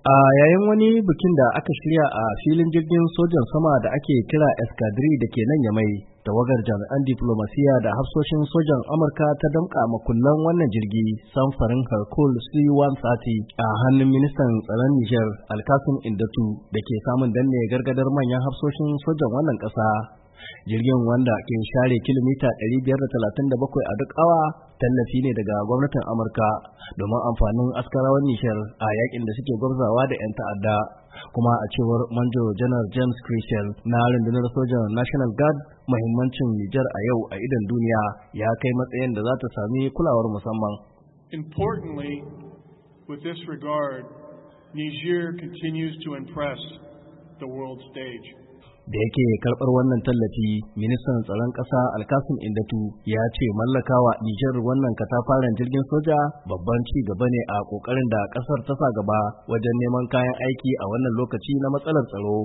a yayin wani bikin da aka shirya a filin jirgin sojan sama da ake kira escadrille da ke nan yamai tawagar jami'an diplomasiya da hafsoshin sojan amurka ta damƙa makullan wannan jirgi samfarin harkul c-130 a hannun ministan tsaron niger alkasim indatu da ke samun danne gargadar manyan hafsoshin sojan wannan ƙasa jirgin wanda ke share kilomita 537 a duk awa tallafi ne daga gwamnatin amurka domin amfanin askarawan nishar a yakin da suke gwamzawa da 'yan ta'adda kuma a cewar manjo janar james christian na rundunar sojan national guard mahimmancin nijar a yau a idan duniya ya kai matsayin da za ta sami kulawar musamman importantly with this regard niger continues to impress the world stage da yake karɓar wannan tallafi ministan tsaron ƙasa alkasim indatu ya ce mallakawa nijar wannan katafaren jirgin soja babban ci gaba ne a ƙoƙarin da ƙasar ta sa gaba wajen neman kayan aiki a wannan lokaci na matsalar tsaro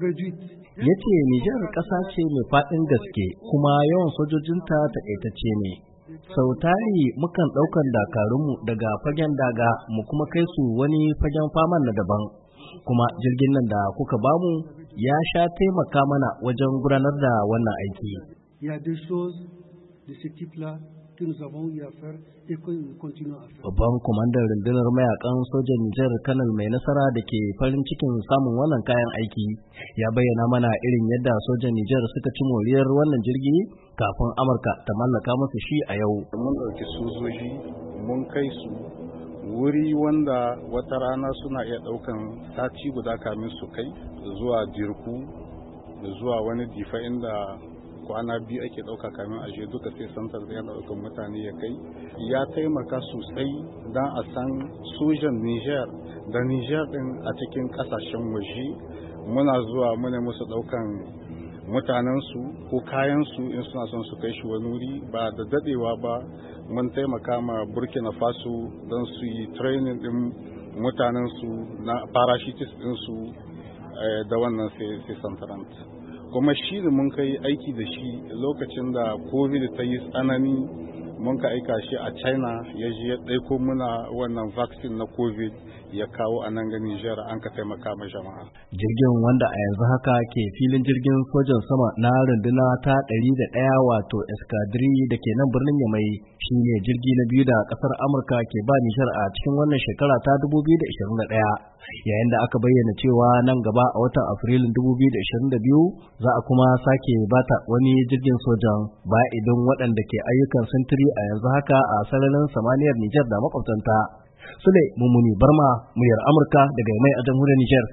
Le Ya ce Nijar ƙasa ce mai faɗin gaske kuma yawan sojojinta ta ne. sau tari mukan ɗaukan dakarunmu daga fagen daga mu kuma kai su wani fagen faman na daban kuma jirgin nan da kuka bamu ya sha taimaka mana wajen gudanar da wannan aiki. Babban kwamandan rundunar mayakan sojan Nijar Kanal mai nasara da ke farin cikin samun wannan kayan aiki ya bayyana mana irin yadda sojan Nijar suka ci moriyar wannan jirgi kafin Amurka ta mallaka masa shi a yau. Mun ɗauki sojoji mun kai su wuri wanda wata rana suna iya ɗaukan sati guda kamin su kai zuwa jirku zuwa wani difa inda kwana biyu ake ɗauka kamin a je duka sai santar zai ɗaukan mutane ya kai ya taimaka sosai don a san sojan niger da niger ɗin a cikin ƙasashen waje muna zuwa muna musu ɗaukan mutanensu ko kayansu in suna son su kai shi wani wuri ba da dadewa ba mun taimaka ma burkina faso don su yi training din mutanensu na parashitis ɗinsu eh, da wannan sai santaranta kuma shi ne mun kai aiki da shi lokacin da covid ta yi tsanani mun ka aika shi a china ya ji ya ɗaiko muna wannan vaccine na covid ya kawo a nan ganin jihar an ka taimaka ma jama'a jirgin wanda a yanzu haka ke filin jirgin sojan sama na runduna ta ɗari da ɗaya wato eskadiri da ke nan birnin yamai shi ne jirgi na biyu da ƙasar amurka ke ba nijar a cikin wannan shekara ta 2021 yayin da aka bayyana cewa nan gaba a watan afrilun 2022 za a kuma sake bata wani jirgin sojan ba idan waɗanda ke ayyukan sintiri a yanzu haka a sararin samaniyar Nijar da makwabtanta. Sule Mummuni Barma, muryar Amurka daga mai a jamhuriyar Nijar.